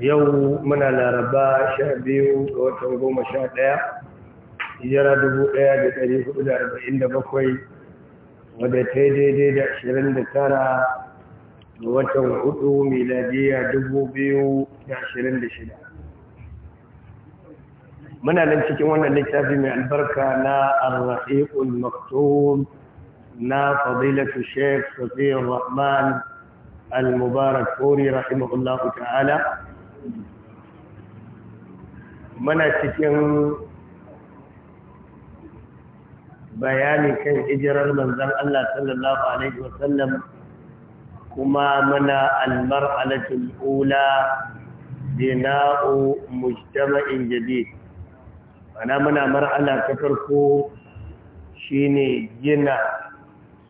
yau muna laraba sha biyu ga watan goma sha ɗaya hijira dubu ɗaya da ɗari hudu da arba'in da bakwai wadda ta daidai da ashirin da tara ga watan hudu miladiya dubu biyu da ashirin da shida muna nan cikin wannan littafi mai albarka na arra'iqul maktub na fadilatu sheikh safiyar rahman al-mubarak fori rahimahullahu ta'ala muna cikin bayani kan ijirar manzan Allah sallallahu Alaihi wasallam kuma muna almar alatul ula dina'u mujtama'in jadid mana muna mar'ala ta farko shine gina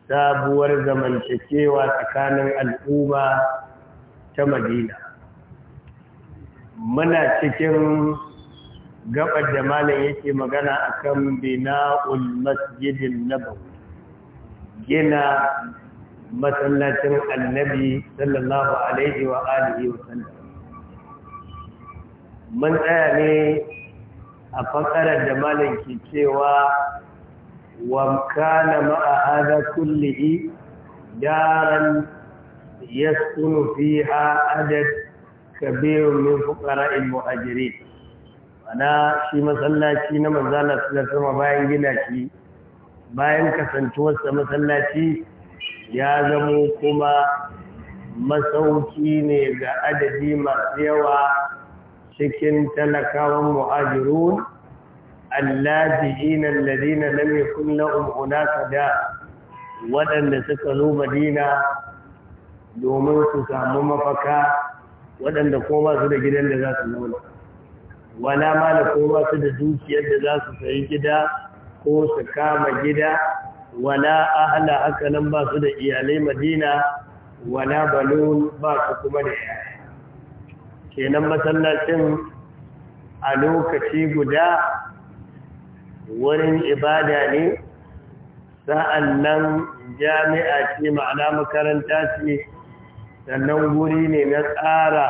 sabuwar zamantakewa tsakanin al'umma ta madina muna cikin gabar da malam yake magana akan bina'ul masjidin nabawi gina masallacin annabi sallallahu alaihi wa alihi wa sallam mun tsaya ne a fakarar da malam ke cewa wa kana ma'a hada kullihi daran yasunu fiha adad kabirun min fuqara'il muhajirin ana shi masallaci na manzala sallallahu bayan gina shi bayan kasantuwarsa masallaci ya zamo kuma masauki ne ga adadi masu yawa cikin talakawan muhajirun allaji'ina alladina lam yakun lahum hunaka da wadanda suka zo madina domin su samu mafaka waɗanda ko ba su da gidan da za su nuna wala mala ko ba su da dukiyar da za su sayi gida ko su kama gida wala ahla haka nan ba su da iyalai madina wala balo ba su kuma da kenan masallacin a lokaci guda wurin ibada ne sa'an nan jami'a ce ma'ana makaranta ce sannan guri ne na tsara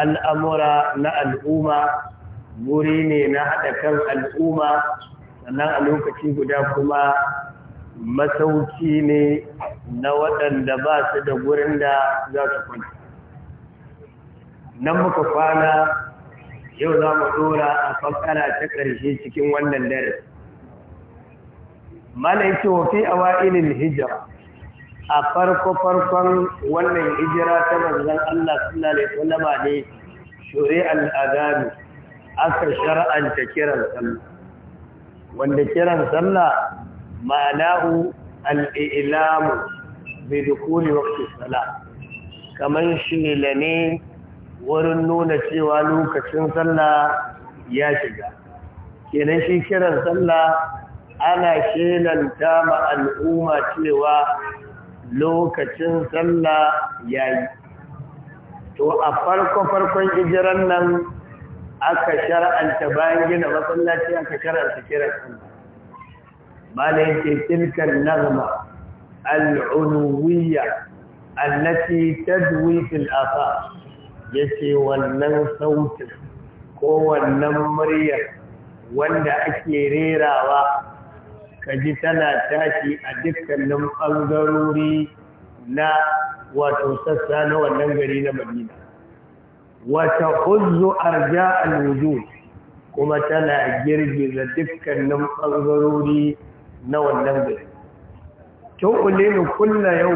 al'amura na al'umma guri ne na haɗa kan al'umma sannan a lokaci guda kuma masauki ne na waɗanda ba su da gurin da za su kwanci nan muka kwana yau za mu ɗora a fankara ta ƙarshe cikin wannan dare mana yake wafi a wa'ilin hijira a farko-farkon wannan hijira ta manzan Allah suna da ne shuri al'adami aka shara'anta kiran sallah wanda kiran sallah ma'ana'u al'ilamu bai dukuli wakti sala kamar shi ne wurin nuna cewa lokacin sallah ya shiga kenan shi kiran sallah ana shelanta ma al'umma cewa lokacin sallah yayi to a farko farkon hijiran nan aka shar'anta bayan gina masallaci aka shar'anta kira sallah malai yake tilkan nazma al'uluwiyya allati tadwi fil afaq yace wannan sautin ko wannan muryar wanda ake rerawa kaji tana tashi a dukkanin ɓangarori na wato sassa na wannan gari na madina wata huzu arja alwudu kuma tana girgiza dukkanin ɓangarori na wannan gari tukulinu kulla yau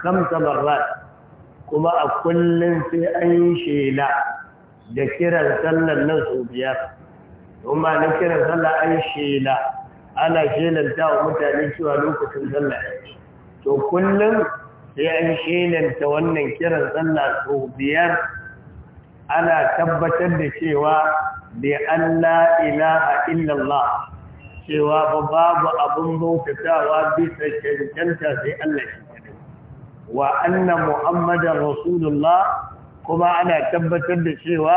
khamsa marrat kuma a kullum sai an shela da kiran sallar nan su biyar kuma na kiran sallan an shela ana shelanta wa mutane cewa lokacin sallah to kullum sai an shelanta wannan kiran sallah sau biyar ana tabbatar da cewa bi an la ilaha illallah cewa ba babu abun bautatawa bisa cancanta sai Allah shi wa anna Muhammadan rasulullah kuma ana tabbatar da cewa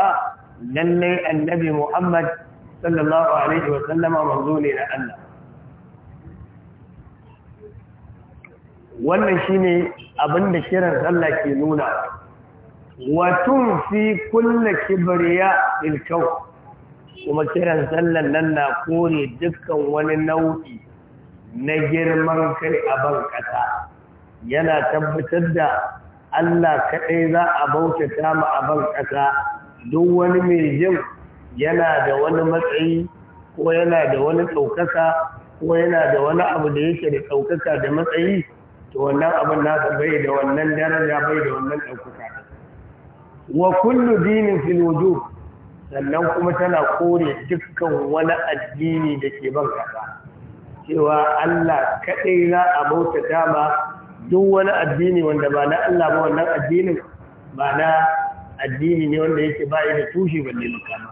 lallai annabi muhammad sallallahu alaihi wa sallama manzo ne na Allah wannan shine abin da kiran sallah ke nuna watun fi kulla kibriya in kuma kiran sallan nan na kore dukkan wani nau'i na girman kai a ban kasa yana tabbatar da Allah kaɗai za a bautata mu a ban kasa duk wani mai jin yana da wani matsayi ko yana da wani ɗaukaka ko yana da wani abu da yake da ɗaukaka da matsayi to wannan abin nasa bai da wannan daraja bai da wannan ɗaukaka wa kullu dinin fil wujub sannan kuma tana kore dukkan wani addini da ke ban kasa cewa Allah kadai za a bauta dama duk wani addini wanda ba na Allah ba wannan addinin ba na addini ne wanda yake ba da tushe balle makama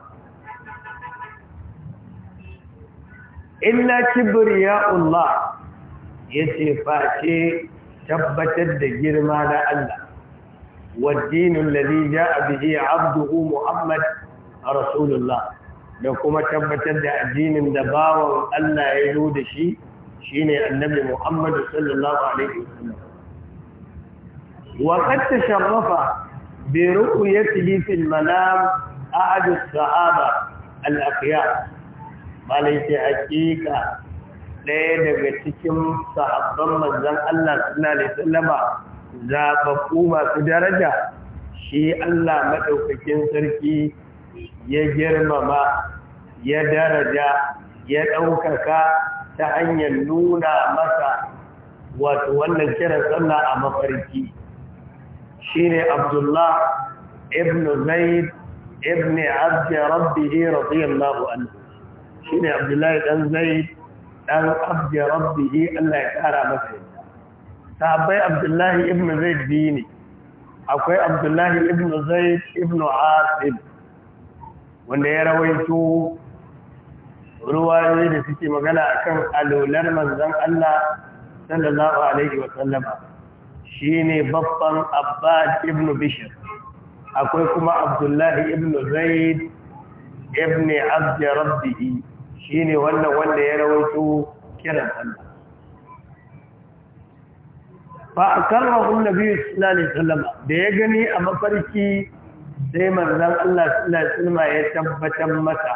illa kibriya'ullah yace face tabbatar da girma na Allah waddinin lalli ja a abduhu muhammad a rasulullah da kuma tabbatar da addinin da bawan Allah ya yi da shi ne annabi muhammad sallallahu alaihi wasallam wa qad tasharrafa bi ru'yatihi fil manam ahad as-sahaba al-aqyar malai hakika ɗaya daga cikin sahabban manzan Allah suna da sallama zaɓaɓɓu masu daraja shi Allah maɗaukakin sarki ya girmama ya daraja ya ɗaukaka ta hanyar nuna masa wato wannan kiran sallah a mafarki shi ne Abdullah ibn Zaid ibn Abdi Rabbihi radiyallahu anhu shi ne Abdullahi ɗan Zaid dan abdi rabbihi eh, Allah ya kara masa yadda sahabbai abdullahi ibn zaid biyu ne akwai abdullahi ibn zaid ibn asim wanda ya rawaito ruwayoyi da suke magana a akan alolar manzon Allah sallallahu alaihi wa sallama ne babban abbad ibn Bishir. akwai kuma abdullahi ibn zaid ibn abdi rabbihi shi ne wannan wanda ya rawaito kiran Allah fa akarrahu nabi sallallahu alaihi da ya gani a mafarki sai marzan Allah sallallahu ya tabbatar mata,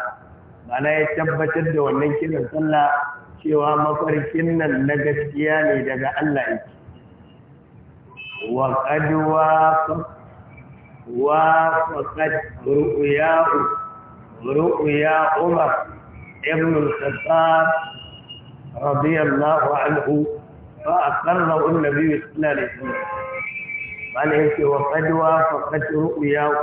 mana ya tabbatar da wannan kiran sallah cewa mafarkin nan na gaskiya ne daga Allah yake wa qad wa faqad ru'ya umar ابن الخطاب رضي الله عنه فأقره النبي صلى الله عليه وسلم قال يكي وقد وافقت رؤياه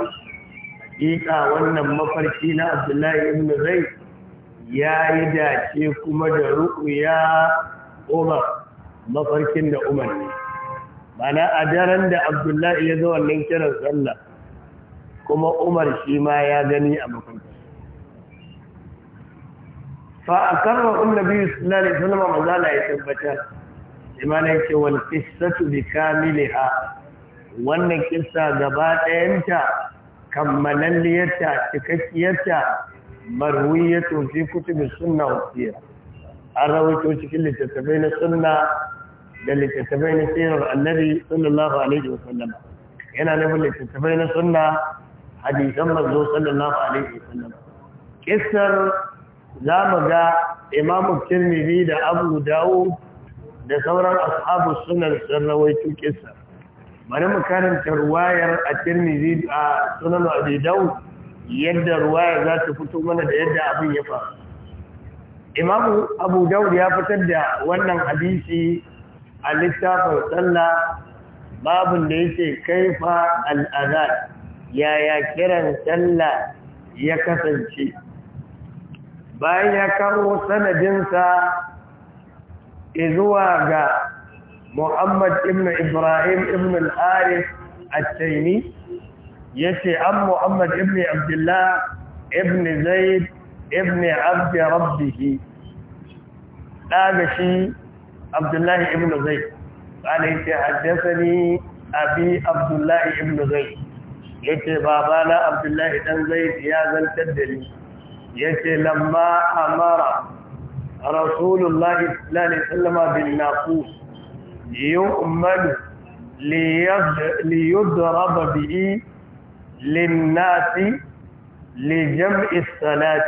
حقيقة وأن مفرشين عبد الله بن زيد يا إذا شيكم رؤيا أمر مفرشين أمر mana a daren da abdullahi ya zo wannan kiran sallah kuma umar shi ma ya gani a makon فأكرر النبي صلى الله عليه وسلم مزال يتبتا لما يقول والقصة بكاملها وأن قصة قبات أنت كملليتا تككيتا مروية في كتب السنة والسيرة أروي وشك اللي تتبين السنة اللي تتبين السيرة النبي صلى الله عليه وسلم هنا نقول اللي تتبين السنة حديث الله صلى الله عليه وسلم قصر za mu ga imamu tirmidhi da abu dawud da sauran ashabu sunan sarrawai tukisa bari mu karanta ruwayar a tirmidhi a sunan abi dawud yadda ruwayar za ta fito mana da yadda abin ya faru imamu abu dawud ya fitar da wannan hadisi a littafin sallah babin da yake kaifa al'adar yaya kiran sallah ya kasance bayan ya karo sanadinsa izuwa ga muhammad ibn ibrahim ibn al-arif al-taimi ya ce an muhammad ibn abdullah ibn zaid ibn abdi rabbihi ɗaga shi abdullahi ibn zaid ƙalai ce haddasa ni abi abdullahi ibn zaid ya ce babana abdullahi Dan zaid ya zantar da ni yace lamma amara rasulullahi sallallahu bin naqus yu'mal ليضرب به للناس لجمع الصلاة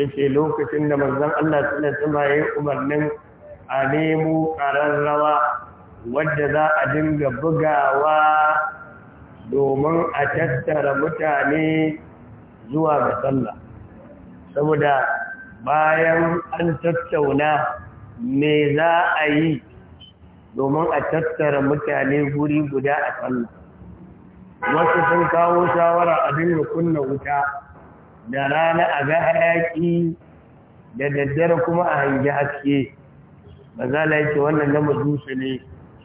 yace lokacin da manzon Allah sallallahu alaihi wasallam umarnin a nemo kararrawa wadda za a dinga bugawa domin a tattara mutane zuwa ga sallah saboda bayan an tattauna me za a yi domin a tattara mutane guri guda a sallah wasu sun kawo shawara a dinga kunna wuta da rana a ga hayaki da daddare kuma a hangi haske ba za la yake wannan na majusa ne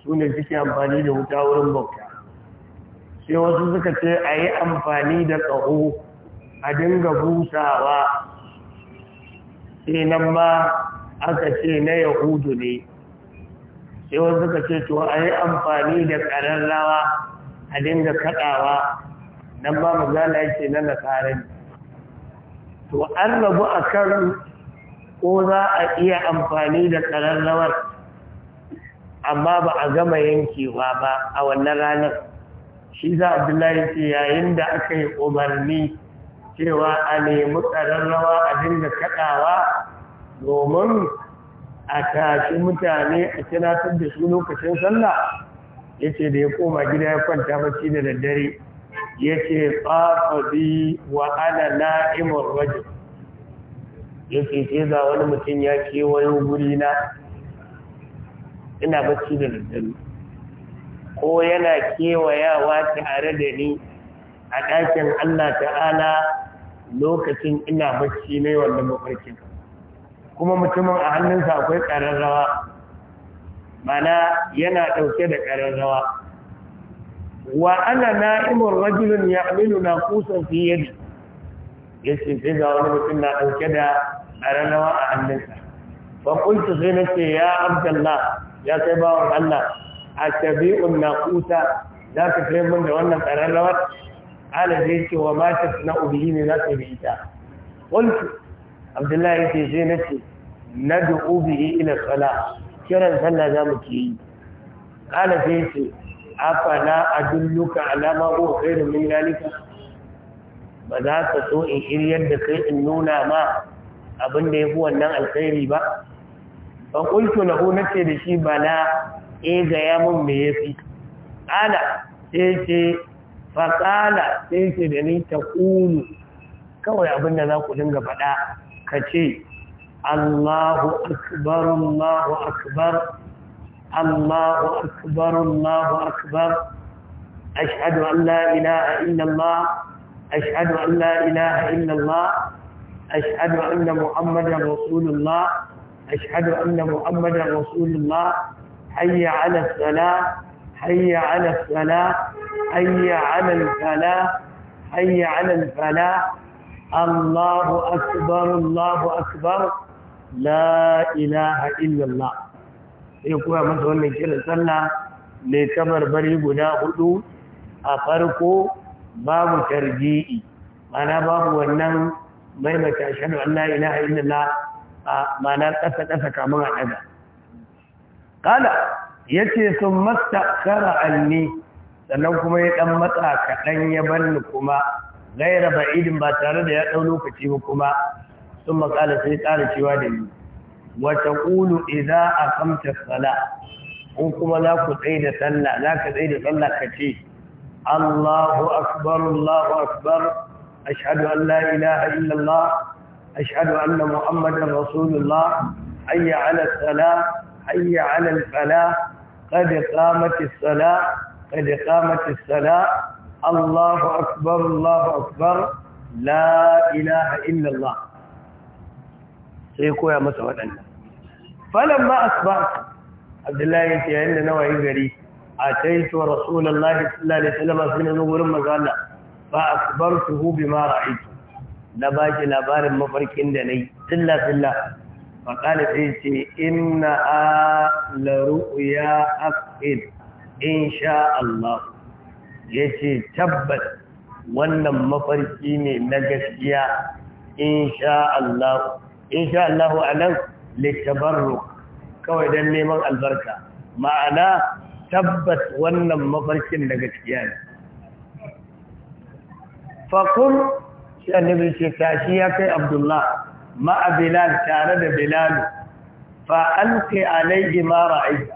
su ne suke amfani da wuta wurin bauta sai wasu suka ce a yi amfani da ƙaho a dinga busawa sai nan ma aka ce na yahudu ne sai wasu suka ce to a yi amfani da ƙararrawa a dinga kaɗawa nan ba ya yake na nasarar to an rabu a kan ko za a iya amfani da ƙararrawar amma ba a gama yankewa ba a wannan ranar shi za abdullahi ce yayin da aka yi umarni cewa a nemi ƙararrawa a dinga kaɗawa domin a tashi mutane a tunatar da su lokacin sallah ya ce da ya koma gida ya kwanta bacci da daddare ya ce tsafa bi wa ana na'imar waje ya ce ce za wani mutum ya kewayo guri na ina bacci da daddare ko yana kewayawa tare da ni a ɗakin Allah ta'ala lokacin ina bacci ne wannan mafarkin kuma mutumin a hannunsa akwai ƙararrawa mana yana ɗauke da ƙararrawa wa ana na'imun rajulun ya amilu na kusan fiye ya ce sai ga wani mutum na ɗauke da ƙararrawa a hannunsa ba kuntu sai na ce ya abdallah ya kai bawan allah a tabi'un na kusa za ka kai mun da wannan ƙararrawar ala zai ce wa mata na ne za ta yi ita abdullahi ce sai na ce Na da bihi ila tsala, kiran sallah za mu ke yi ala zai ce afala adulluka alama ko kai da min lalika ba za ka so in iriyar da kai in nuna ma abin da ya fi wannan alkhairi ba ba ƙultu na ko nace da shi ba na e eh, ga mun me ya fi ana sai ce faƙala sai ce da ni ta ƙunu kawai abin da za ku dinga faɗa ka ce Allahu akbar Allahu akbar Allahu akbar Allahu akbar ashhadu an la ilaha illallah ashhadu an la ilaha illallah ashhadu anna muhammadan rasulullah ashhadu anna muhammadan rasulullah hayya ala salah hayya ala salah hayya alal fala hayya alal fala Allahu akbar Allahu akbar la ilaha illallah sai kuma masa wannan kiran sallah ne kamar bari guda hudu a farko babu tarji'i mana babu wannan maimaita shaɗu Allah ilaha illallah mana ƙasa-ƙasa kamun a ɗaga. Ƙala ya ce sun masta kara alni sannan kuma ya dan matsa kaɗan ya banni kuma gaira ba'idin ba tare da ya ɗau lokaci ba kuma sun makala sai ƙara cewa da ni wata ƙulu iza a kamta sala in kuma za ku tsaye da sallah za ka tsaye da sallah ka ce Allahu akbar Allahu akbar ashhadu an la ilaha illallah ashhadu anna muhammadan rasulullah hayya ala salah hayya ala al falah qad salah قد قامت الصلاة الله أكبر الله أكبر لا إله إلا الله سيكون يا مسوى فلما أصبحت عبد الله ينتهي أن نوعي غريب أتيت رسول الله صلى الله عليه وسلم أسنى نور مزالة فأخبرته بما رأيت لباك لبار المفرك عندني سلا سلا فقال سيدي إن لرؤيا أفئد insha Allah ce tabbat wannan mafarki ne na gaskiya insha Allah insha Allah anan litabarruk kawai dan neman albarka ma'ana tabbat wannan mafarkin na gaskiya ne fakun shi annabi ce tashi ya kai abdullah ma'a bilal tare da bilal fa alqi alayhi ma aiki.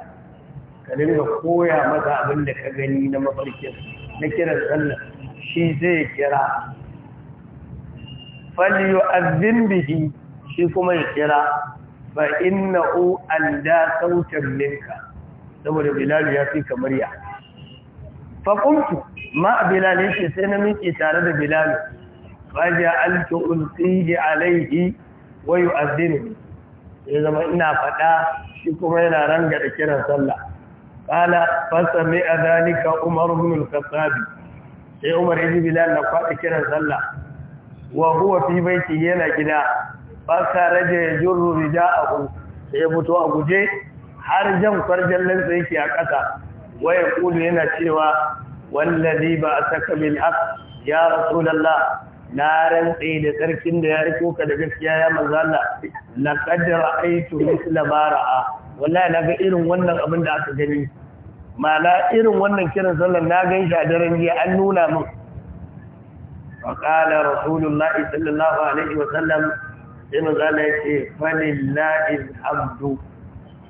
ka dinga koya masa abin da ka gani na mafarkin na kiran sallah shi zai kira faliyu azin bihi shi kuma ya kira fa u an da sautan minka saboda bilal ya fi kamar ya faƙuntu ma bilal yake sai na miƙe tare da bilal faja alta ulqihi alaihi wa yu'adhdhinu ya zama ina faɗa shi kuma yana ranga da kiran sallah قال فسمع ذلك عمر بن الخطاب sai Umar ibn Bilal na kwaɗa kiran sallah wa huwa fi baiti yana gida jirru rija a rida'ahu sai fito a guje har jan farjan lantsa yake a ƙasa waya kulu yana cewa wallazi ba saka bil haqq ya lalla. na rantse da sarkin da ya riko ka da gaskiya ya manzo Allah laqad ra'aytu mithla ma wallahi na ga irin wannan abin da aka gani mana irin wannan kiran sallar na gan shi a daren jiya an nuna min faƙala rasulullah sallallahu alaihi wasallam sai mazala ya ce falillahin abdu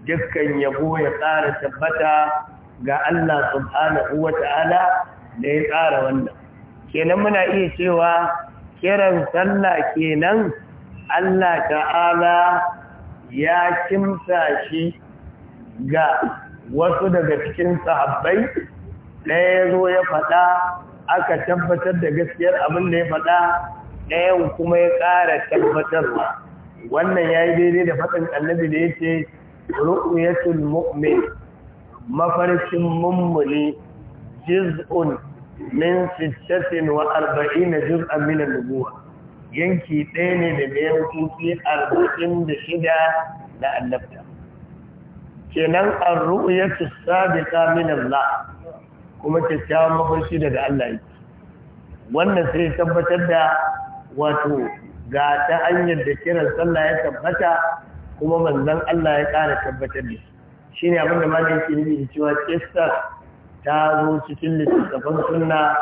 dukkan yabo ya tsara tabbata ga Allah subhanahu wa ta'ala da ya tsara wannan kenan muna iya cewa kiran sallah kenan Allah ta'ala ya kimsa shi ga wasu daga cikin sahabbai ɗaya zo ya faɗa aka tabbatar da gaskiyar abin da ya faɗa ɗaya kuma ya ƙara tabbatarwa wannan ya yi daidai da faɗin annabi da ya ce ru'uyatul mu'min mafarkin mummuli jiz'un min sittatin wa arba'ina na min an-nubuwa yanki ɗaya ne da bayan kuki arba'in da shida na annabta kenan ar-ru'yatu sabiqa min Allah kuma kyakkyawan mafarki daga Allah yake wannan sai tabbatar da wato ga ta hanyar da kiran sallah ya tabbata kuma manzon Allah ya ƙara tabbatar da shi ne abinda malamin yake nufi da cewa kistar ta zo cikin littattafan sunna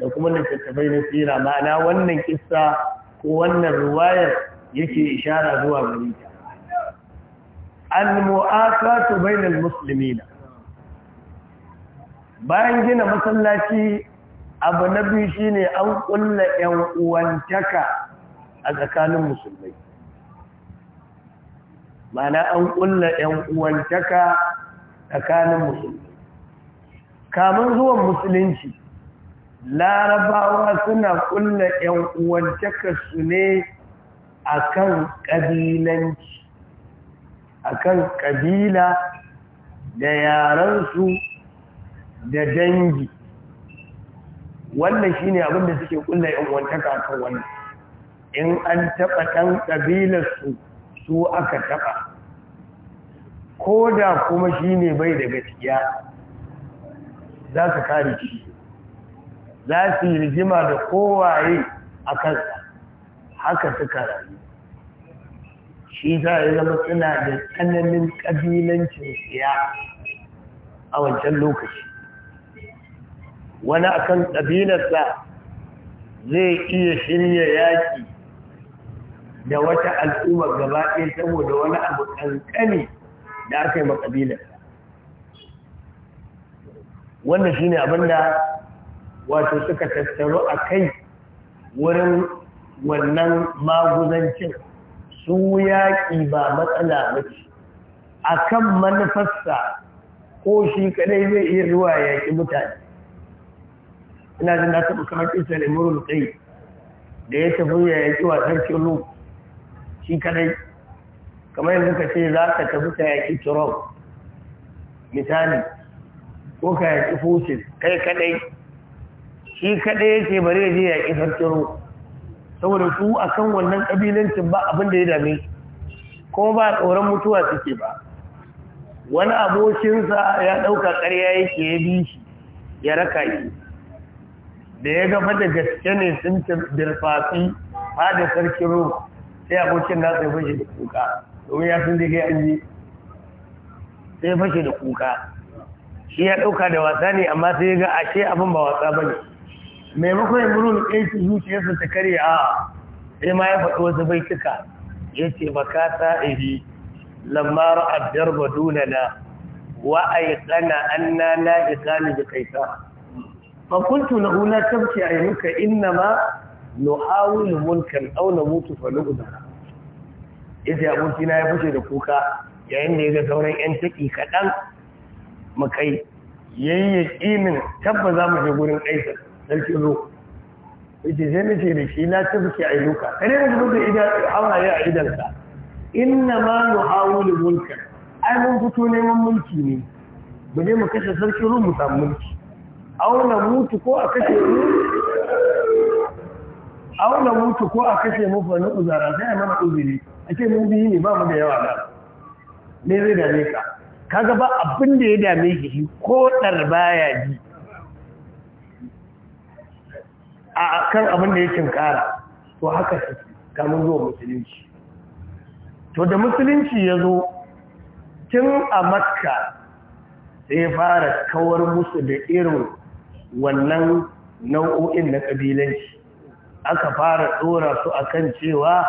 da kuma littattafai na sira ma'ana wannan kissa ko wannan ruwayar yake ishara zuwa gare ta al-mu'asatu bainal muslimina bayan gina masallaci abu na biyu shine an kulla yan uwantaka a tsakanin musulmai mana an kulla yan uwantaka tsakanin musulmai kamun zuwan musulunci larabawa suna kulla yan uwantaka su ne akan kabilanci akan kabila da yaransu da dangi wannan shine abin da suke kulla yan wantaka kan wannan in an taba dan kabilarsu su aka taba koda kuma shine bai da gaskiya za ka kare shi za su yi rigima da kowaye akan haka suka rayu shi za a zama suna da tsananin ƙabilancin siya a wancan lokaci wani akan ƙabilarsa zai iya shirya yaƙi da wata al'ummar ɗaya saboda wani abu ƙanƙani da aka yi ma ƙabilarsa wannan shi ne da wato suka tattaro a kai wurin wannan maguzancin su yaƙi ba matsala ba ce a kan manufarsa ko shi kadai zai iya zuwa yaƙi mutane ina jin na taɓa kamar ƙisa da murul kai da ya tafi ya yaƙi wasan sarkin shi kadai kamar yanzu ka ce za ka tafi ka yaƙi turon misali ko ka yaƙi fusil kai kadai shi kadai ya ce bari ya je yaƙi sarkin ruwa saboda su akan wannan kabilancin ba abinda ya dame ko ba a tsoron mutuwa suke ba wani abokinsa ya ɗauka ƙarya yake ya bi shi ya raka yi da ya gaba da gaske ne sun dirfafi da sarkin rom sai abokin na sai fashe da kuka domin ya sun daga an yi sai fashe da kuka shi ya ɗauka da wasa ne amma sai ya ga ashe abin ba wasa ba ne maimakon ya murul kaisi zuciyarsa ta kare a sai ma ya faɗi wasu tuka ya ce baka sa'iri lamar abdar na, wa tsana an na na tsani da kaisa sa. kuntu na hula tabki a muka inna ma nuhawilu mulkan au na mutu fa ce yace abokina ya fushe da kuka yayin da ya ga sauran 'yan taƙi kaɗan makai yayi yaƙinin tabba za mu je gurin ƙaisar sarki zo yace sai mace da shi na tafke a luka kare da luka idan auna ya idan sa inna ma nuhawilu mulka ai mun fito neman mulki ne mu je mu kashe sarki rum mu samu mulki auna mutu ko a kashe mu auna mutu ko a kashe mu fa na uzara sai mana uzuri ake mun biyi ne ba mu da yawa na ne zai dame ka kaga ba abin da ya dame shi ko dar baya ji a kan abin da ya cinkara to haka su kamun zuwa musulunci to da musulunci ya zo tun a makka sai ya fara kawar musu da irin wannan nau'o'in na ƙabilanci aka fara ɗora su a kan cewa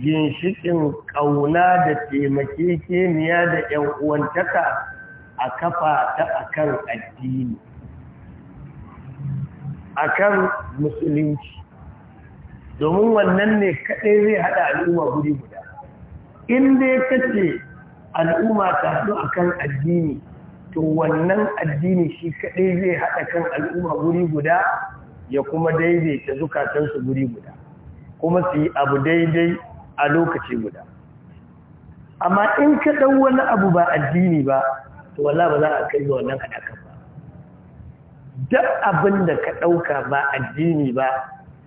ginshikin ƙauna da taimakekeniya da ‘yan uwantaka a kafa ta kan addini akan musulunci domin wannan ne kaɗai zai haɗa al'umma guri guda in dai kace al'umma ta haɗu akan addini to wannan addini shi kaɗai zai haɗa kan al'umma guri guda ya kuma daidaita zukatansu guri guda kuma su yi abu daidai a lokaci guda amma in ka wani abu ba addini ba to wallah ba za a kai wannan wannan kan. duk abin da ka ɗauka ba addini ba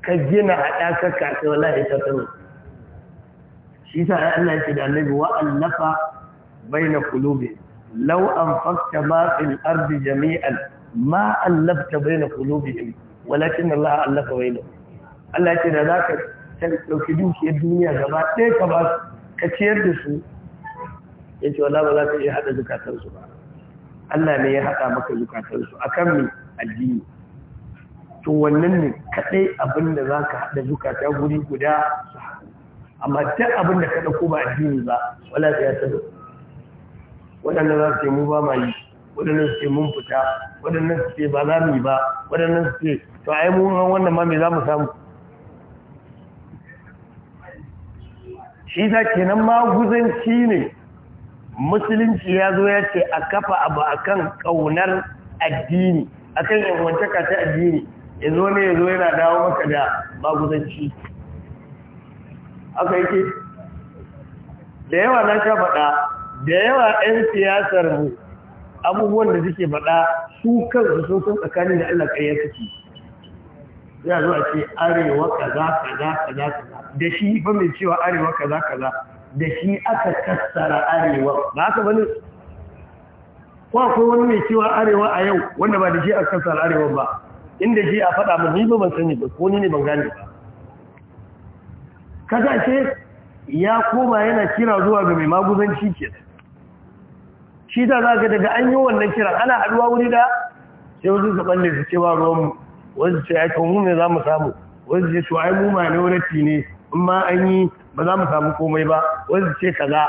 ka gina haɗaka kafin wallahi ta sani shi sa Allah ya ce da annabi wa bai na qulubi Lau'an fasta ma fil ardi jami'an ma na baina ne walakin Allah bai baina Allah ya ce da ka ɗauki dukiyar duniya gaba ɗaya ka ba ka ciyar da su yace wala ba za ka iya haɗa zukatansu ba Allah ne ya haɗa maka zukatansu akan me addini to wannan ne kadai abinda zaka za ka haɗa zukata guri guda amma duk abinda ka ɗauko ba addini ba wala ya tsaro waɗanda za su ce mu ba ma yi su ce mun fita waɗannan su ce ba za mu yi ba waɗannan su ce to ai mun ran wannan ma me za mu samu shi ta kenan ma guzanci ne musulunci ya zo ya ce a kafa abu akan ƙaunar addini akan yanwantaka ta addini ya zo ne ya zo yana dawo maka da maguzanci aka yake da yawa na ka faɗa da yawa 'yan siyasar mu abubuwan da suke faɗa su kansu sun kan tsakani da Allah ya suke ya zo a ce arewa kaza kaza kaza kaza da shi fa mai cewa arewa kaza kaza da shi aka kassara arewa ba haka bane ko akwai wani mai cewa arewa a yau wanda ba da shi a kasar arewa ba inda shi a faɗa mun ni ba ban sani ba ko ni ne ban gane ba kaga ce ya koma yana kira zuwa ga mai maguzanci ke shi ta za daga an yi wannan kira ana haɗuwa wuri da sai wasu su ɓalle su ce ba ruwanmu wasu ce ya mu ne za mu samu wasu ce su ai mu ma ne wani ne in ma an yi ba za mu samu komai ba wasu ce kaza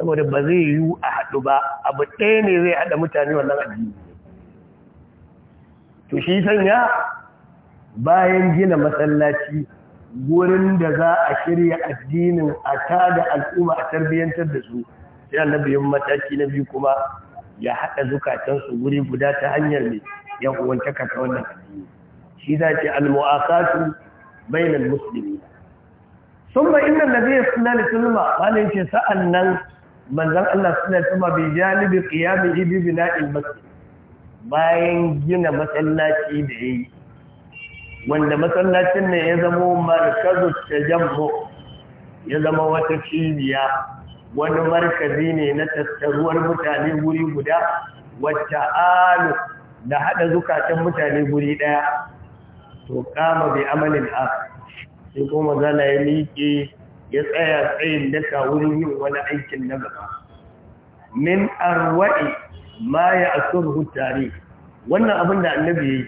saboda ba zai yi a haɗu ba abu ɗaya ne zai haɗa mutane wannan addini to shi sanya bayan gina masallaci wurin da za a shirya addinin a tada al'umma a tarbiyyantar da su sai yin mataki na biyu kuma ya haɗa zukatansu wuri guda ta hanyar ne ya uwantaka ta wannan addini shi za ce al-mu'asatu bainal muslimin summa innal ladhi yasla li ba ne ce sa'an nan. manzan Allah suna sama bi jalibi qiyami bi bina'il masjid bayan gina masallaci da yi. wanda masallacin ne ya zama markazu tajammu ya zama wata cibiya wani markazi ne na tattaruwar mutane guri guda wacce alu da hada zukatan mutane guri ɗaya, to kama bi amalin a sai kuma zana ya miƙe ya tsaya tsayin daka wurin yin wani aikin na gaba min arwa'i ma ya asurhu tare wannan abin da annabi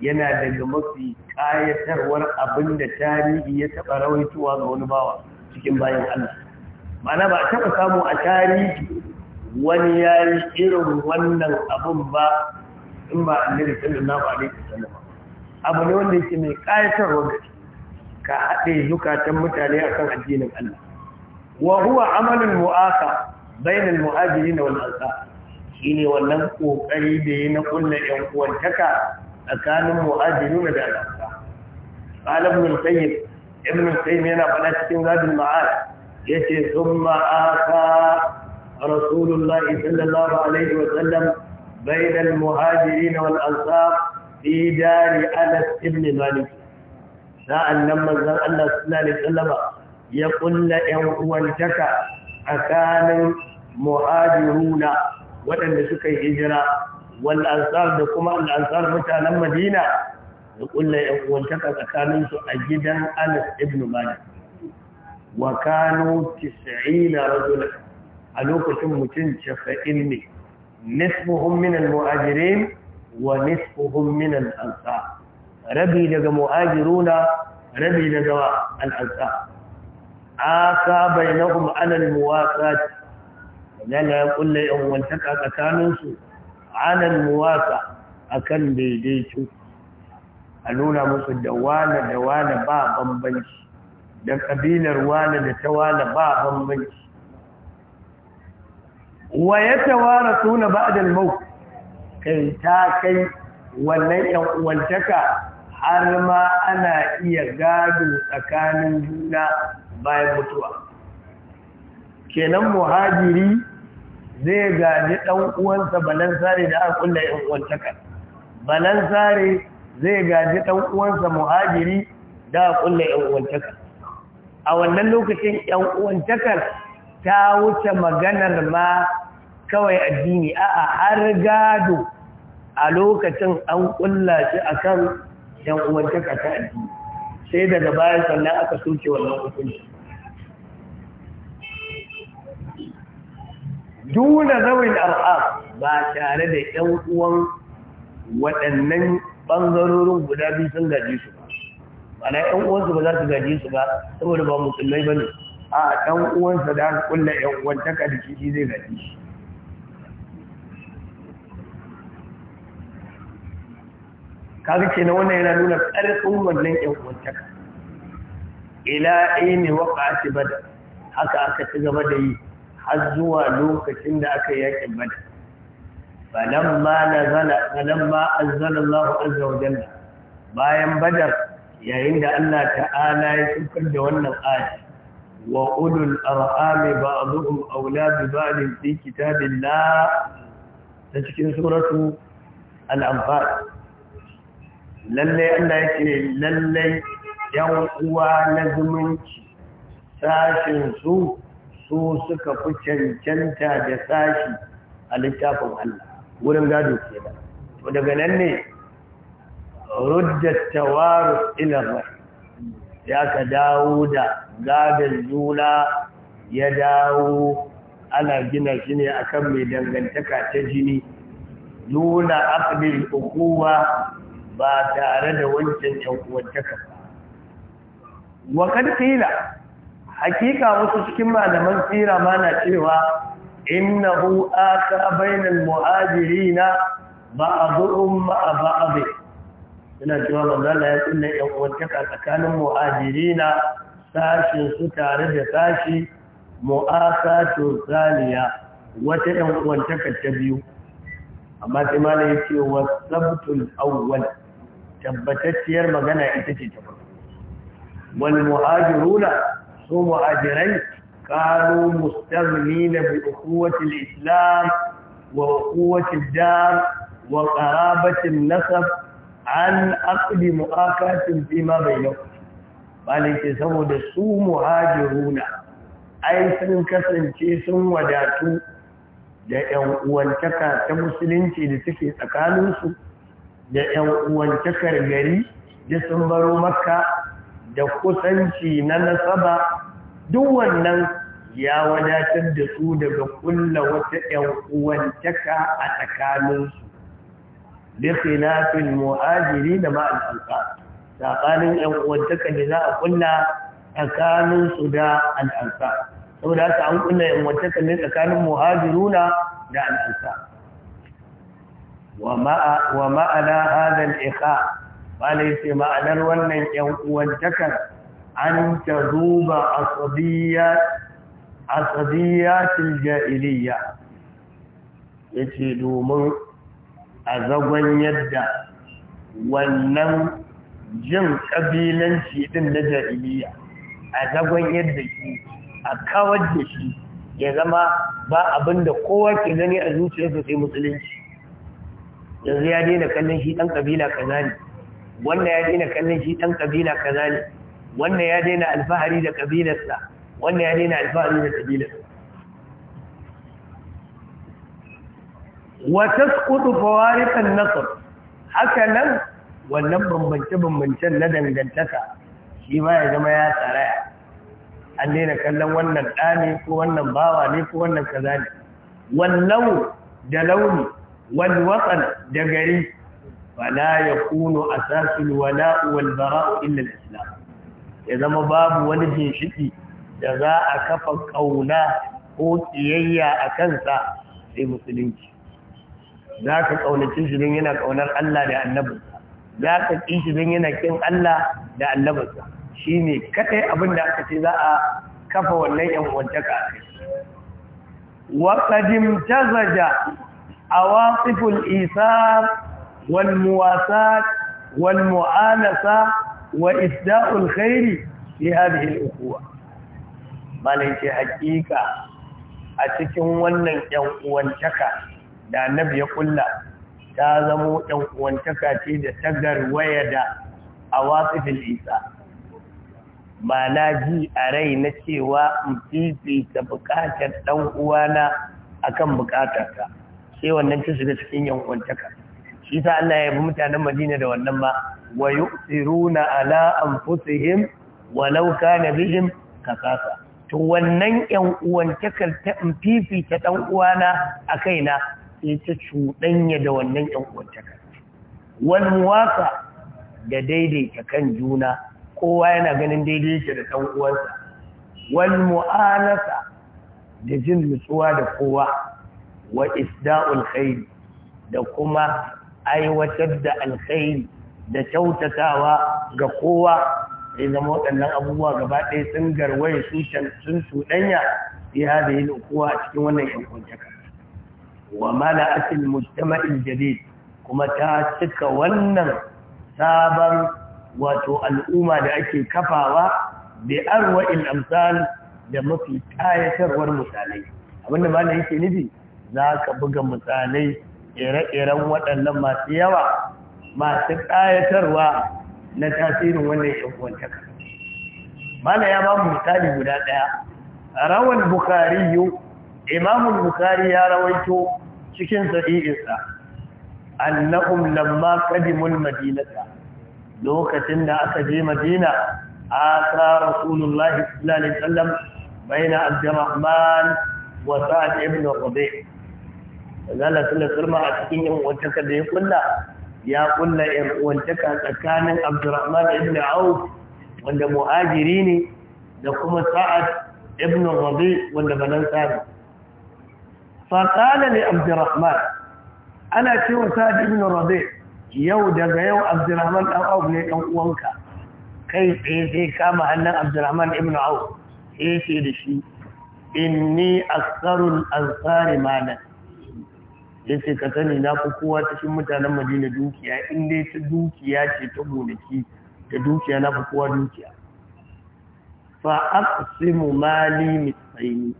yana daga mafi kayatarwar abin da tarihi ya taɓa rawaituwa ga wani bawa cikin bayan Allah mana ba a taɓa samu a tarihi wani ya yi irin wannan abin ba in ba annabi sallallahu alaihi wasallam abu ne wanda yake mai kayatarwar gaske ka haɗe zukatan mutane akan addinin Allah wa huwa amalul mu'afa bainal muhajirin wal shi ne wannan ƙoƙari da yana kullu ɗan uwantaka tsakanin muhajirin da ansar qala ibn al-qayyim ibn al-qayyim yana faɗa cikin zadul ma'ad yace thumma afa rasulullahi sallallahu alaihi wa sallam bainal muhajirin wal ansar fi dari anas ibn malik sa'an nan mazan Allah Suna alaihi wasallama ya ƙulla ƴan uwantaka tsakanin muhajiruna waɗanda suka yi hijira wal da kuma al ansar mutanen Madina ya ƙulla ƴan uwantaka tsakanin su a gidan Anas ibn Malik wa kanu 90 rajulan a lokacin mutum 90 ne nisfuhum min al wa nisfuhum min al rabi daga muhajiruna rabi daga al'ansa aka bainahum alal muwaqat dan ya kulle yan wantaka tsakanin su alal a akan daidaito a nuna musu da wane da wane ba bambanci da kabilar wane da ta wane ba bambanci wa ya yatawarasuna suna al-maut kai ta kai wannan yan uwantaka har ma ana iya gado tsakanin juna bayan mutuwa kenan muhajiri zai gaji ɗan uwansa balansare da aka kulla yan uwantaka balansare zai gaji ɗan uwansa muhajiri da aka kulla yan uwantaka a wannan lokacin yan uwantakar ta wuce maganar ma kawai addini a'a har gado a lokacin an kulla shi akan yan uwan ta addini sai daga baya sannan aka soke wannan hukunci duna zawin arha ba tare da yan uwan waɗannan ɓangarorin guda biyu sun gaji su ba ana yan uwansu ba za su gaji su ba saboda ba musulmai ba ne a ɗan uwansa da aka kulla yan ta da shi zai gaji shi kaga ce na wannan yana nuna ƙarfin wannan ƴan uwantaka ila aini waqa'ati badar haka aka ci gaba da yi har zuwa lokacin da aka yakin badar falamma nazala falamma anzala Allah azza wa jalla bayan badar yayin da Allah ta'ala ya saukar da wannan ayat wa ulul arhami ba'dhum awla bi ba'd fi kitabillah ta cikin suratu al-anfal lallai Allah ya ce lallai ‘yan uwa na zumunci sashin su su suka fi cancanta da sashi a littafin Allah wurin gado ke da. To daga nan ne, ruddatta waru ilamar ya ka dawo da gadon juna ya dawo ana gina shi ne akan mai dangantaka ta jini. Nuna afdil ukuwa ba tare da wancan yan ba wa kan hakika wasu cikin malaman sira ma na cewa innahu aka ba a ba'dhum ma'a ba'd ina cewa mazala ya tsinna yan uwantaka tsakanin na sashin su tare da sashi mu'asa to zaliya wata yan uwantaka ta biyu amma sai malai ya ce wasabtul awwal tabbatacciyar magana ita ce ta farko wal muhajiruna su muhajirai kanu mustaghnina bi quwwati al-islam wa quwwati ad-dar wa qarabati an-nasab an aqdi mu'akatin fi ma bainahum balike saboda su muhajiruna ai sun kasance sun wadatu da 'yan uwantaka ta musulunci da suke tsakaninsu da ‘yan uwantakar gari da sun baro maka, da kusanci na nasaba duk wannan ya wadatar da su daga kulla wata ‘yan uwantaka a tsakaninsu da khilafin mu'ajiri da ma'aikata tsakanin ‘yan uwantaka da za a kulla tsakaninsu da Sau da haka an kulla ‘yan uwantaka ne tsakanin muhajiruna da al'alƙa wa ma'ana hadal ikha malai ce ma'anar wannan yan uwantakar an ta zuba asabiyatul jahiliya yace domin a zagon yadda wannan jin kabilanci din na jahiliya a zagon yadda shi a kawar da shi ya zama ba abinda kowa ke gani a zuciyarsa sai musulunci yanzu ya daina kallon shi ɗan ƙabila kaza ne wannan ya daina kallon shi ɗan ƙabila kaza ne wannan ya daina alfahari da ƙabilarsa wannan ya daina alfahari da ƙabilarsa wata tasqutu fawariq nasar haka nan wannan bambance-bambancen na dangantaka shi ma ya zama ya tsaraya an daina kallon wannan ɗa ne ko wannan bawa ne ko wannan kaza ne wannan da launi wal watan da gari fala yakunu asasul wala wal bara illa al islam ya zama babu wani ginshiki da za a kafa ƙauna ko tsiyayya a kansa sai musulunci za ka kaunaci shi don yana ƙaunar Allah da annabinsa za ka ƙin shi don yana ƙin Allah da annabinsa shi ne kaɗai abin da aka ce za a kafa wannan yan wantaka a kai waƙadin tazaja عواطف الإيثار والمواساة والمؤانسة وإسداء الخير لهذه الأخوة ما ليس حقيقة أتكن ونن ينقوانتك da annabi ya kulla ta zamo 'yan uwantaka ce da tagar waya da a wasifin isa ba na ji a rai na cewa in fifita bukatar ɗan uwana akan bukatarka sai wannan ta shiga cikin yankuntaka shi sa Allah ya bi mutanen Madina da wannan ba wa yusiruna ala anfusihim walau kana bihim kasasa to wannan yan uwantakar ta fifi ta dan uwana a kaina sai ta cuɗanya da wannan yan uwantakar wal muwafa da daidaita kan juna kowa yana ganin daidai shi da dan uwansa wal mu'anasa da jin nutsuwa da kowa wa isda'ul khair da kuma aiwatar da alkhairi da kyautatawa ga kowa sai zama waɗannan abubuwa gaba ɗaya sun garwaye su sun cuɗanya ya hadhihi al a cikin wannan jaka, wa mala'at al-mujtama'il jadid kuma ta cika wannan sabon wato al'umma da ake kafawa bi arwa'il amsal da mafi kayatarwar misalai abinda malai yake nufi za ka buga misalai ire-iren waɗannan masu yawa masu ƙayatarwa na tasirin wannan yankuwantaka mana ya ba mu misali guda ɗaya rawan bukari yiwu imamun bukari ya rawaito cikin sadi'insa annahum lamma qadimul madinata lokacin da aka je madina aka rasulullahi sallallahu alaihi wasallam baina abdurrahman wa sa'd ibn rabi' Allah sallallahu alaihi a cikin yan uwantaka da ya kulla ya kulla yan uwantaka tsakanin Abdurrahman ibn Auf wanda muhajiri ne da kuma Sa'ad ibn Rabi wanda banan sabi fa qala li Abdurrahman ana cewa Sa'ad ibn Rabi yau daga yau Abdurrahman dan Auf ne dan uwanka kai tsaye sai kama hannun Abdurrahman ibn Auf sai ce da shi inni aksarul ansari malan ya ce ka sani na fi kowa cikin mutanen madina dukiya in dai ta dukiya ce ta gonaki da dukiya na fi kowa dukiya fa aqsimu mali mitsaini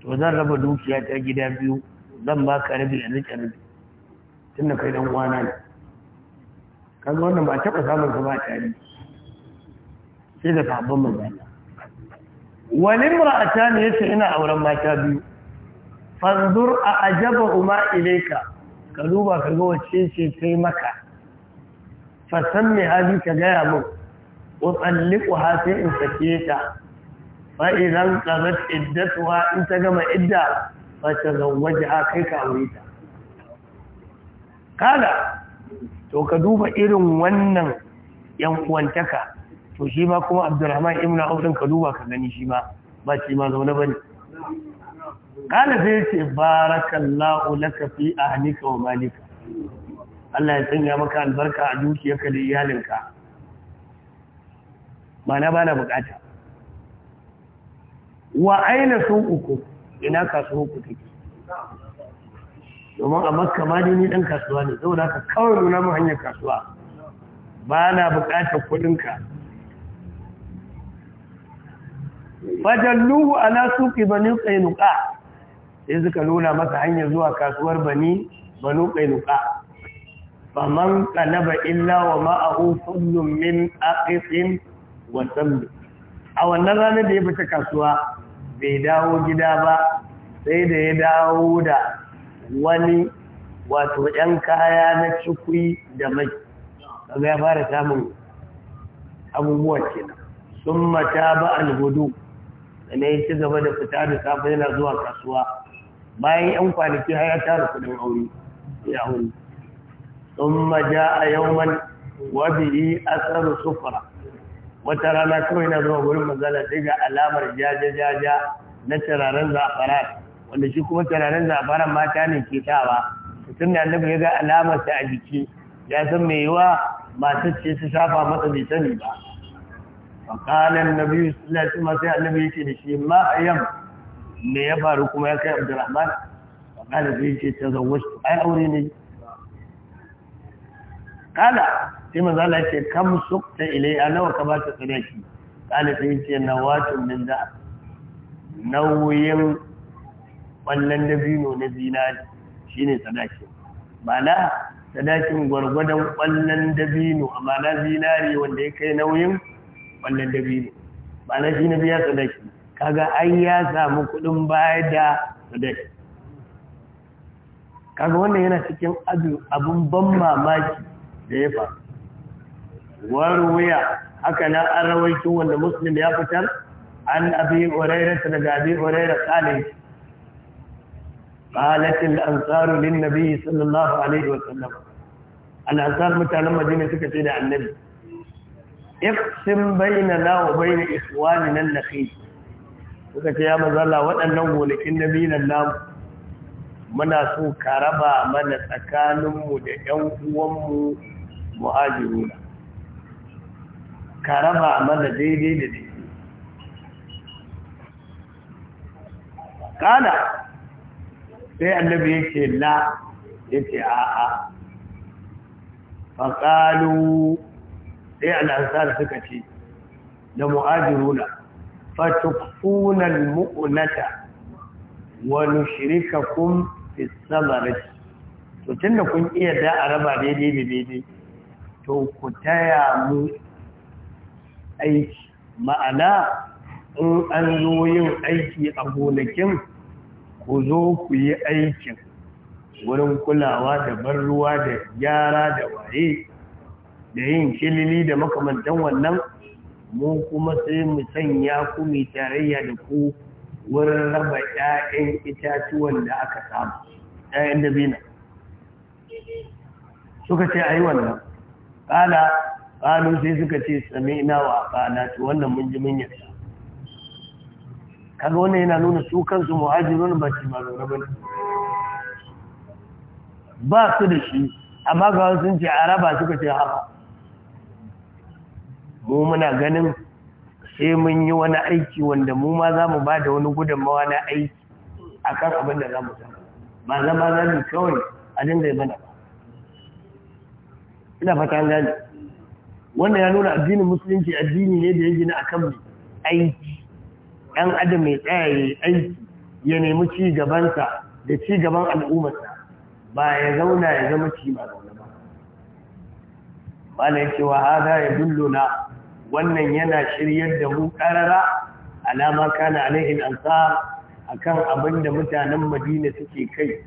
to zan raba dukiya ta gida biyu zan ba ka rabi yanzu ka rabi tunda kai dan uwana ne kaga wannan ba taba samun ka ba tare sai da sabon magana wani mura'ata ne yace ina auren mata biyu fanzur a ajaba umar ilaika ka duba ka ga wace ce ta yi maka fasan mai hajji ka gaya mun watsalliku ha sai in sake ta fa'iran ƙazar iddatuwa in ta gama idda fata zauwaji a kai ka ta kada to ka duba irin wannan yankuwantaka to shi ma kuma abdurrahman imna audin ka duba ka gani shi ma ba shi ma zaune ba ne kala sai ce barakallahu laka fi ahlika wa malika Allah ya sanya maka albarka a dukiyarka da iyalinka ba na bana bukata wa aina sun uku ina kasuwar ku take domin a makka ma dai ni dan kasuwa ne saboda ka kawai nuna mu hanyar kasuwa ba na bukatar kudinka fajalluhu ala suqi bani qainuqa sai suka nuna masa hanyar zuwa kasuwar bani banu ba faman qalaba illa wa ma'ahu fadlun min aqisin wa a wannan ranar da ya fita kasuwa bai dawo gida ba sai da ya dawo da wani wato ‘yan kaya na cikui da mai kaga ya fara samun abubuwan kenan sun mata ba alhudu da na yi ci gaba da fita da safe yana zuwa kasuwa bayan yan kwanaki har ya tara kudin aure ya a yau man wabi yi a asar sufura. wata rana kawai na zuwa wurin mazala sai ga alamar jajajaja na tararen zafara wanda shi kuma tararen zafaran mata ne ke tawa tun da annabi ya ga alamar ta a jiki ya san mai yiwa masu ce su shafa masa bai sani ba fakalan nabi sallallahu alaihi wasallam sai annabi yake da shi ma yamma. me ya faru kuma ya kai abdurrahman kala sai ce ta zawwashi ai aure ne kala sai manzo Allah ce kam sukta ilai a nawa ka ba ta sadaki kala sai ce nawatun min da nauyin ballan dabino na zinari shine sadaki mana sadakin gwargwadon ballan dabino ma na zinari wanda ya kai nauyin ballan dabino mana na biya sadaki kaga ai ya samu kudin bayar da sadaki kaga wannan yana cikin abin ban mamaki da ya faru wuya, haka na an rawaito wanda muslim ya fitar an abi uraira daga abi uraira kale قالت الأنصار للنبي صلى الله عليه وسلم الأنصار متعلم مدينة كثيرة عن النبي اقسم بيننا وبين إخواننا النخيل suka ce ya mazala waɗannan gonakin na binan namu muna so ka raba mana tsakaninmu da ‘yan uwanmu mu'ajiruna ka raba mana daidai da daidai kala sai annabi yake la yake a'a faƙalu sai al'ansar suka ce da mu'ajiruna فتكفون المؤنة ونشرككم في الثمرة to tunda kun iya da a raba daidai da daidai to ku taya mu aiki ma'ana in an zo yin aiki a gonakin ku zo ku yi aikin wurin kulawa da ban ruwa da gyara da waye da yin kilili da makamantar wannan mu kuma sai mu sanya ku mai tarayya da ku wurin raba 'ya'yan itatuwan da aka samu 'ya'yan dabina suka ce a yi wannan ƙala ƙalu sai suka ce sami ina wa ƙala to wannan mun ji mun yarda kaga wannan yana nuna su kansu muhajirun ba ci ba zaune ba ba su da shi amma ga wasu sun ce a raba suka ce haka mu muna ganin sai mun yi wani aiki wanda mu ma za mu ba da wani gudunmawa na aiki a kan abin da za mu samu ba zama za mu kawai a dinga yi mana ina fata an gani wannan ya nuna addinin musulunci addini ne da ya gina a kan aiki ɗan adam mai tsaya ya yi aiki ya nemi ci gabansa da ci gaban al'ummarsa ba ya zauna ya zama ci ba zaune ba ba na cewa haza ya dullo na wannan yana shiryar da mu karara alama kana alaihin ansa akan abin da mutanen madina suke kai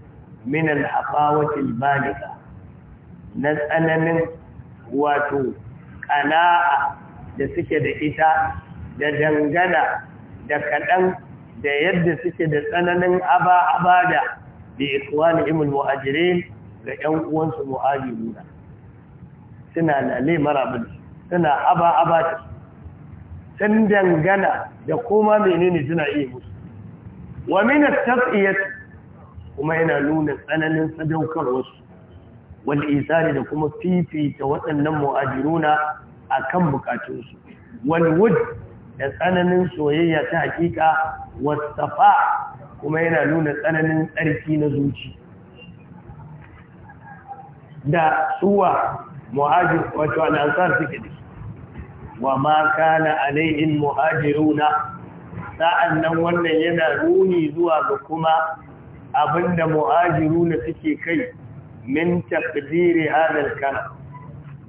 min al al baliga na tsananin wato ƙana'a da suke da ita da dangana da kaɗan da yadda suke da tsananin aba abada da bi ikwani imul muhajirin ga ‘yan uwansu mu'ajiruna suna na marabin suna aba-aba ta dangana da kuma menene suna iya musu wa minas tafiyar kuma yana nuna tsananin sadaukar wasu isari da kuma fifita waɗannan mu'ajiruna a kan bukatunsu walwud da tsananin soyayya ta hakika wasafa kuma yana nuna tsananin tsarki na zuci da suwa muhajir wato al'ansar suke da wa ma kana alaihin muhajiruna nan wannan yana runi zuwa ga kuma abinda muhajiruna suke kai min taqdiri hadal kana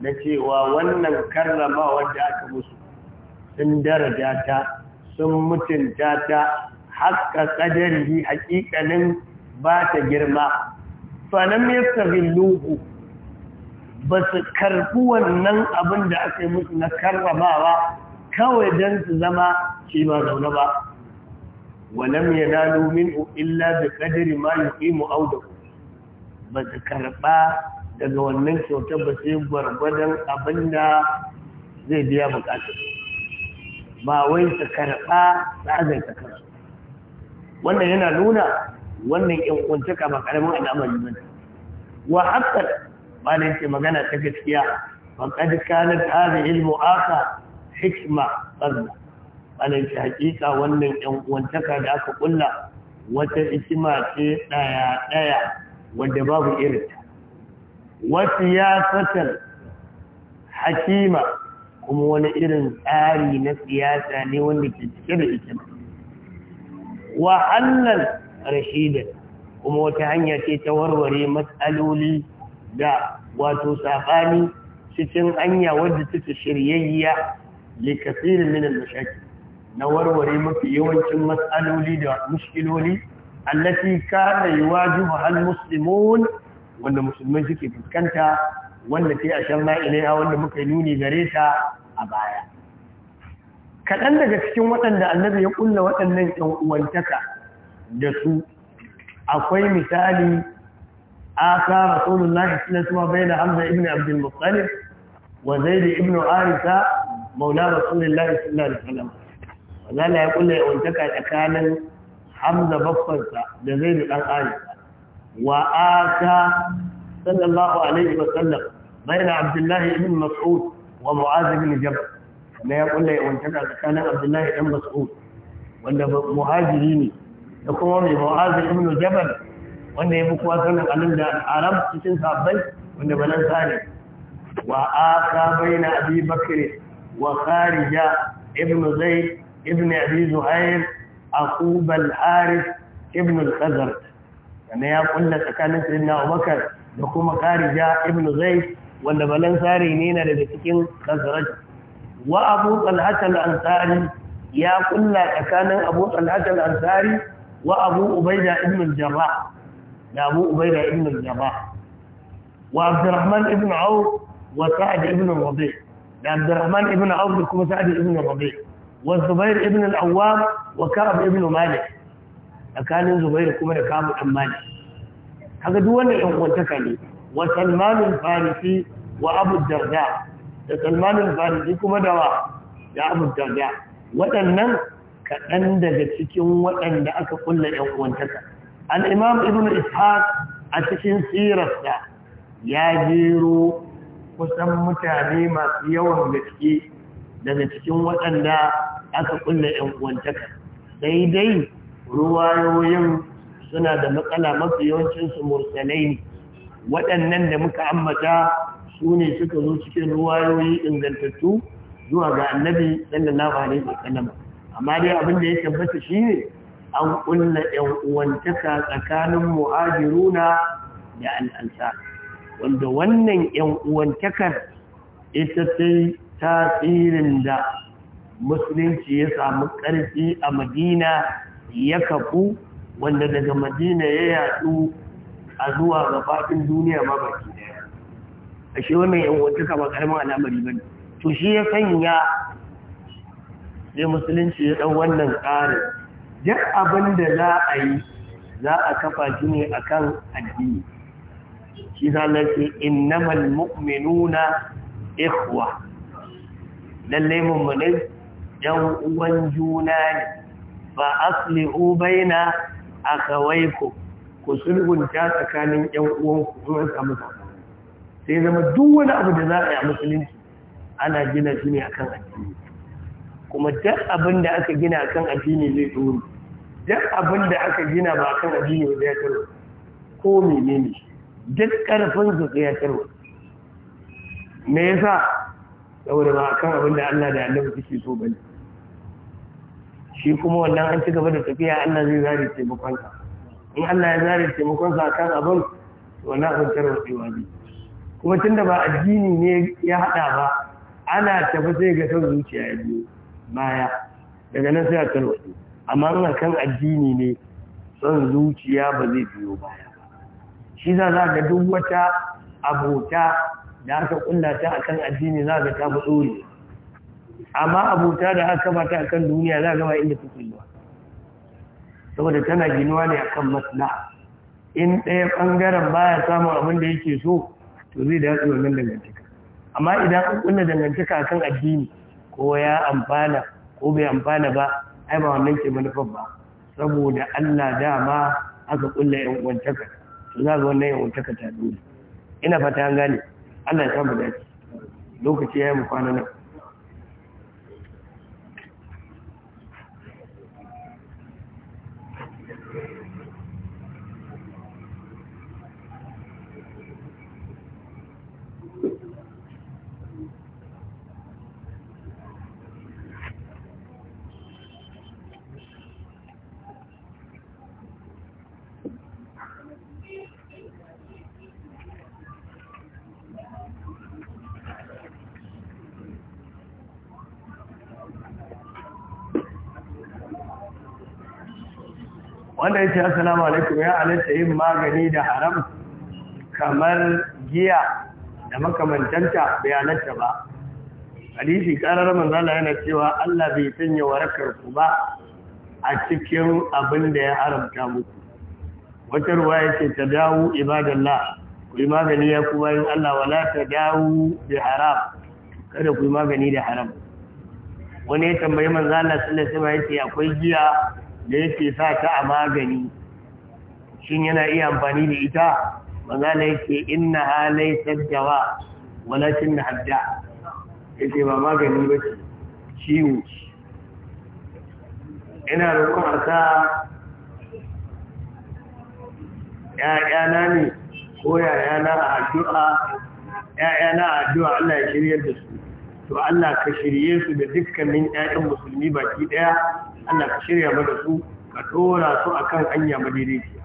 na cewa wannan karramawa da aka musu sun daraja ta sun mutunta ta haƙa ƙadari haƙiƙanin ba ta girma falam yastaghiluhu ba su karɓi wannan abin da aka yi musu na karramawa kawai don su zama shi ba zaune ba walam ya nalu min illa da kadiri ma yi mu audaku ba su karɓa daga wannan kyautar ba sai gwargwadon abin da zai biya bukatar ba wai su karɓa tsagar ta karɓa wannan yana nuna wannan yan kwantaka ba ƙaramin al'amari ba wa haka malai ce magana ta gaskiya faqad kanat hadhihi ilmu aka hikima qadna malai ce hakika wannan yan uwantaka da aka kulla wata hikima ce ɗaya daya wanda babu irinta wa siyasatan hakima kuma wani irin tsari na siyasa ne wanda ke cike da hikima wa hannan rashidan kuma wata hanya ce ta warware matsaloli da wato sabani cikin hanya wadda take shiryayya likasirin min al-mashaki na warware mafi yawancin matsaloli da mushkiloli allati kana yuwajibu al-muslimun wanda musulmai suke fuskanta wanda ta a shan ma'ilaiha wanda muka nuni gare ta a baya kaɗan daga cikin waɗanda annabi ya ƙulla waɗannan ‘yan uwantaka da su akwai misali آخى رسول الله صلى الله عليه وسلم بين حمزة بن عبد المطلب وزيد بن عارثة مولى رسول الله صلى الله عليه وسلم وذلك يقول لي أنتك أكان حمزة بفرسة لزيد بن عارثة وآتى صلى الله عليه وسلم بين عبد الله بن مسعود ومعاذ بن جبل ما يقول لي وانتك أكان عبد الله بن مسعود وأن مهاجريني يقول معاذ بن جبل wanda ya fi kowa sanin alun da arab cikin sabbai wanda balan tsari. wa a ka bai na abi bakr wa kharija ibn Zai, ibn abi zuhair aqub al harith ibn al khazar kana ya kulla tsakanin sayyidina abubakar da kuma kharija ibn Zai, wanda balan tsari ne na daga cikin khazraj wa abu talhat al ansari ya kulla tsakanin abu talhat al ansari wa abu ubaida ibn al jarrah da abu ubaida ibn al-jaba wa abdurrahman ibn auf wa sa'ad ibn rabi da abdurrahman ibn auf kuma sa'ad ibn rabi wa zubair ibn al wa ka'ab ibn malik tsakanin zubair kuma da ka'ab ibn malik kaga duk wannan yan kwantaka ne wa salman al wa abu darda da salman al kuma da wa abu waɗannan kaɗan daga cikin waɗanda aka kulla yan al'imam ibn ishaq a cikin sirarsa ya jero kusan mutane masu yawan gaske daga cikin waɗanda aka kulle ‘yan uwantaka sai dai ruwayoyin suna da matsala mafi yawancinsu mursalai waɗannan da muka ammata su ne suka zo cikin ruwayoyi ingantattu zuwa ga annabi sallallahu alaihi wasallam amma dai abin da ya tabbata shine an kulla yan uwantaka tsakanin muhajiruna da al'ansa. wanda wannan yan uwantakar ita ta tasirin da musulunci ya samu ƙarfi a madina ya kafu wanda daga madina ya yadu a zuwa gabaɗin duniya ma baki daya a shi wannan yanwantaka ba ƙarfin al'amari ba to shi ya sanya sai musulunci ya ɗau wannan tsarin duk abin da za a yi za a kafa shi ne akan addini shi ce innamal mu'minuna ikhwa lalle mummune yan uwan juna ne ba aslihu a kawai ku sulhunta tsakanin yan uwan ku zuwa samu sai zama duk wani abu da za a yi a musulunci ana gina shi ne akan addini kuma duk abin da aka gina kan addini zai tsoro duk abin da aka gina ba kan addini ba ya tarwa ko menene duk karfin su ya tarwa me yasa saboda ba kan abin da Allah da Annabi suke so bane shi kuma wannan an ci gaba da tafiya Allah zai zare taimakon ka in Allah ya zare taimakon sa kan abin wani abin tarwa tsewa ne kuma tunda ba addini ne ya hada ba ana tafi sai ga son zuciya ya biyo baya daga nan sai a tarwaje amma in kan addini ne son zuciya ba zai biyo baya ba shi za za ga duk wata abota da aka kulla ta akan addini za ga ta fi ne amma abota da aka mata akan duniya za ga ba inda ta kullewa saboda tana ginuwa ne akan masana in ɗaya ɓangaren baya samun abin da yake so to zai da yatsu wannan dangantaka amma idan an kunna dangantaka akan addini ko ya amfana ko bai amfana ba ai ba wannan ke manufar ba saboda Allah dama aka kulle yan uwantaka to za ga wannan yan uwantaka ta dole ina fata an gane Allah ya samu dace lokaci ya yi mu kwana nan wanda ya ce asalamu alaikum ya alaita yin magani da haram kamar giya da makamantanta bai ba hadisi karar manzala yana cewa Allah bai sanya warakar ku ba a cikin abin da ya haramta muku wata ruwa yake ta dawo ibadallah ku yi magani ya kuma yin Allah wala ta dawo bi haram kada ku yi magani da haram wani ya tambayi manzala sallallahu alaihi wasallam yake akwai giya da yake sa ta a magani shin yana iya amfani da ita magana yake inna ha laysat dawa walakin hadda yace ba magani ba ce ciwo ina roƙon a sa ‘ya'yana ne ko ‘ya'yana a addu'a ‘ya'yana a addu'a Allah ya shirya da su to Allah ka shirye su da dukkanin ‘ya'yan musulmi baki ɗaya Allah ka shirya mu da su ka dora su akan hanya madaidaiciya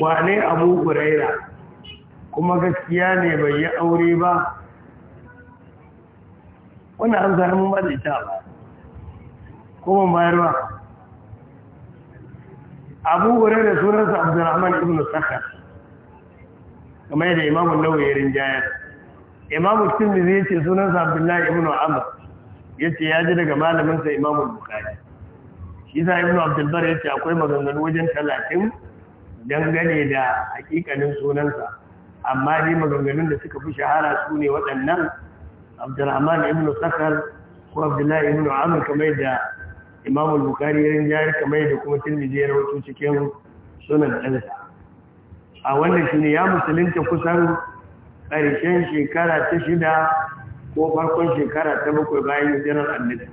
wane abu guraira kuma gaskiya ne bai yi aure ba wani an zarar mun bada ita ba kuma bayar ba abu huraira sunansa abdurrahman ibn sakhar kamar yadda imamun lauyerin jayar imamu tirmidhi yace sunan sa abdullahi Ibn amr yace ya ji daga malaminsa sa imamu bukhari shi sa ibn abdul bar yace akwai maganganu wajen talatin dangane da hakikanin sunansa. amma dai maganganun da suka fi shahara su ne waɗannan abdurrahman ibn sakar ko abdullahi Ibn amr kamar da imamu bukhari ya rinjayar kamar da kuma tirmidhi ya rawaito cikin sunan ɗansa a wannan shine ya musulunta kusan ƙarshen shekara ta shida ko farkon shekara ta bakwai bayan hijirar annabi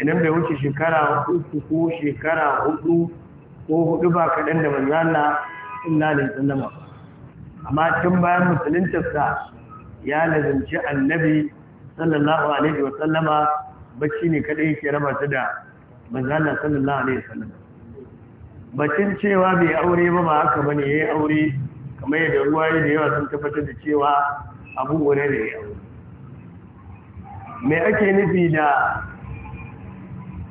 idan bai wuce shekara uku ko shekara hudu ko hudu ba kaɗan da manzala illa da sallama amma tun bayan musuluntarsa ya lazimci annabi sallallahu alaihi wa sallama bacci ne kaɗai yake raba su da manzala sallallahu alaihi wa sallama bacin cewa bai aure ba ba haka bane yayi aure kamar yadda ruwa yi da yawa sun tabbatar da cewa abu wane ne ya mai ake nufi da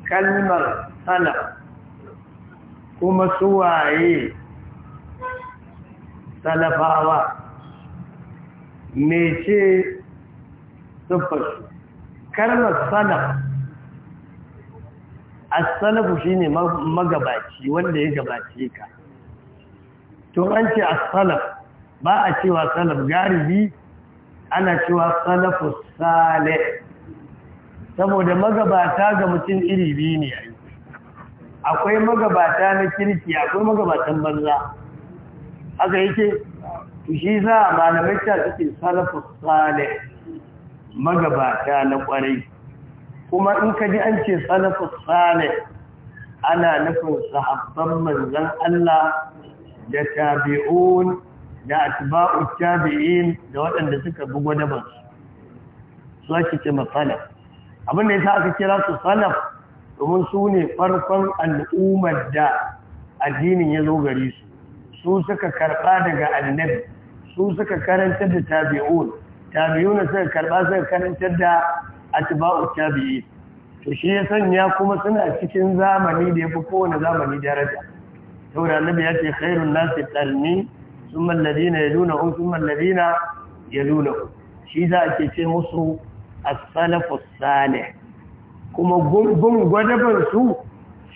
kalmar sana kuma suwaye salafawa ce siffarsu kalmar salaf A salafu shine magabaci wanda ya gabace ka turanci a ce salaf ba a cewa salaf garibi ana cewa salafu sale saboda magabata ga mutum iri biyu ne akwai magabata na kirki akwai magabatan banza aka yake shi za a malamai ta suke salafu sale magabata na kwarai kuma in ka ji an ce salafu sale, ana nufin sahabban manzan Allah da tabi'un da atba'u tabi'in da waɗanda suka bi gwadaban su ake ce masala abin da yasa aka kira su salaf domin su ne farkon al'ummar da addinin ya zo gari su su suka karɓa daga annabi su suka karantar da tabi'un tabi'una suka karɓa suka karantar da atba'u tabi'in to shi ya sanya kuma suna cikin zamani da ya fi kowane zamani daraja saboda annabi ya ce khairun nasi qarni thumma alladhina yalunahum thumma alladhina yalunahum shi za a ke ce musu as-salafu salih kuma gungun gwadaban su